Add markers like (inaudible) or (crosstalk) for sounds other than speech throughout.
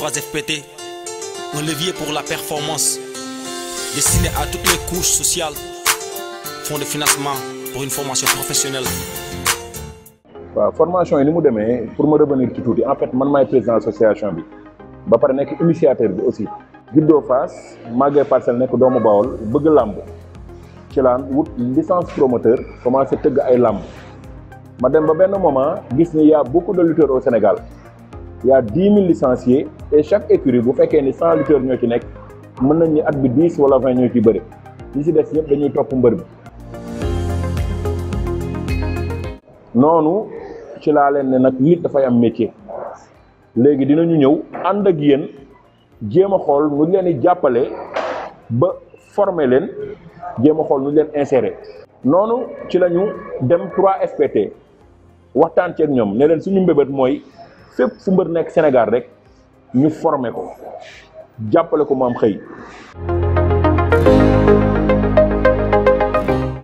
3 FPT, un levier pour la performance, destiné à toutes formation yi ni mu demee pour ma revenir ci tuuti en fait man maay président association bi ba pare nekk initiateur bi aussi. juddoo Fass màggee parcelle nekk doomu Bawol bëgg làmb ci laan wut licence promoteur commencé tëgg ay làmb ma dem ba benn moment gis ni y' a beaucoup de lutteurs au Sénégal y' a et chaque écurie bu fekkee ni cent lutteurs ñoo ci nekk mën nañ ni at bi dix wala vingt ñoo ci bëri ñi si des ñëpp dañuy topp mbër bi noonu ci laa leen ne nag nit dafay am métier léegi dinañu ñëw ànd ak yéen jéem a xool nu leen di jàppale ba former leen jéem a xool nu leen insérer noonu ci la ñu dem 3FPT waxtaan ceeg ñoom ne leen suñu mbébét mooy fépp fu mbër nekk Sénégal rek ñu formé ko jàppale ko mu am xëy.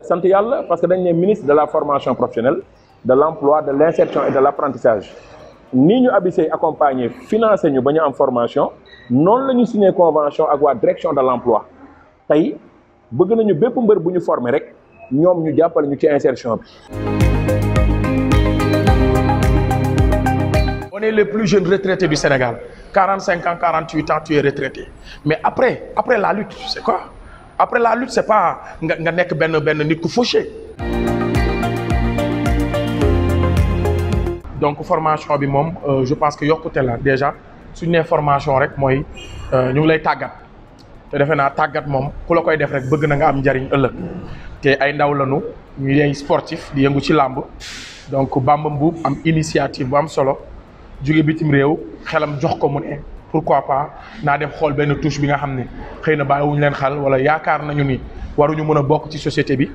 sant yàlla parce que dañ ne ministre de la formation professionnelle de l' emploi de l' insertion et de l' apprentissage nii ñu abisey accompagner financé ñu ba ñu am formation noonu la ñu signé convention ak waa direction de l' emploi tey bëgg nañu bépp mbër bu ñu former rek ñoom ñu jàppale ñu ci insertion bi. on est les plus jeunes retraités bi Sénégal 45 ans 48 ans tu es retraité mais après après la lutte c'est quoi après la lutte c'est pas nga nga nekk benn benn nit ku fauché. donc formation bi moom euh, je pense que yokkute la déjà suñu nee formation rek mooy euh, ñu ngi lay tàggat te defe naa tàggat moom ku la koy def rek bëgg na nga am njariñ ëllëg te ay ndaw lañu ñu ay sportif di yëngu ci làmb donc Bamba Mbuub am initiative bu am solo. jóge bitim réew xelam jox ko mu ne pourquoi pa naa def xool benn touche bi nga xam ne xëy na bàyyiwuñu leen xal wala yaakaar nañu ni waruñu mën a bokk ci société bi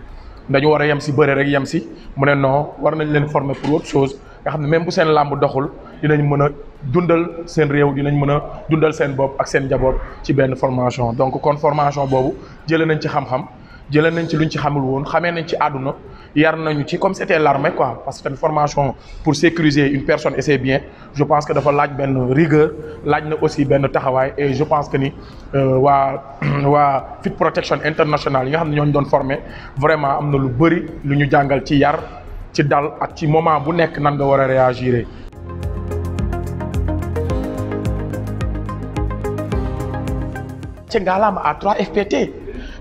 dañu war a yem si bëre rek yem si mu ne noo war nañ leen former pour autre chose nga xam ne même bu seen làmb doxul dinañ mën a dundal seen réew dinañ mën a dundal seen bopp ak seen njaboot ci benn formation donc kon formation boobu jëlee nañ ci xam-xam jëlee nañ ci luñ ci xamul woon xamee nañ ci àdduna yar nañu ci comme c' était l' armée quoi parce que tamit formation pour sécuriser une personne et ses biens je pense que dafa laaj benn rigueur laaj na aussi benn taxawaay et je pense que ni euh, waa (clears throat) waa Fit Protection International yi nga xam ne ñooñu doon formé vraiment am na lu bëri lu ñu jàngal ci yar ci dal ak ci moment bu nekk nan nga war a réagir. ci ngaalaama à 3 FPT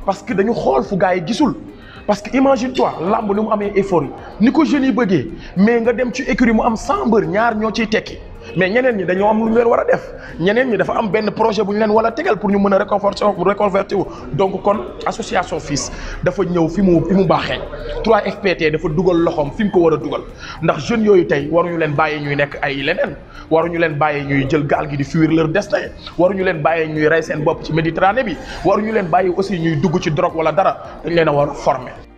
parce que dañu xool fu gars yi gisul. parce que imagine toi làmb ni mu amee effort yi ni ko jeunes yi bëggee mais nga dem ci écurie mu am 100 ñaar ñoo ciy tekki mais ñeneen ñi dañoo am lu ñu leen war a def ñeneen ñi dafa am benn projet bu ñu leen war a tegal pour ñu mën a réconforté réconverti wu donc kon association FILS dafa ñëw fi mu fi mu baaxee trois fpt dafa dugal loxoom fi mu ko war a dugal ndax jeunes yooyu tey waruñu leen bàyyi ñuy nekk ay leneen waruñu leen bàyyi ñuy jël gaal gi di fuir leur destin waruñu leen bàyyi ñuy rey seen bopp ci Méditerranée bi waruñu leen bàyyi aussi ñuy dugg ci drogue wala dara dañ leen a war a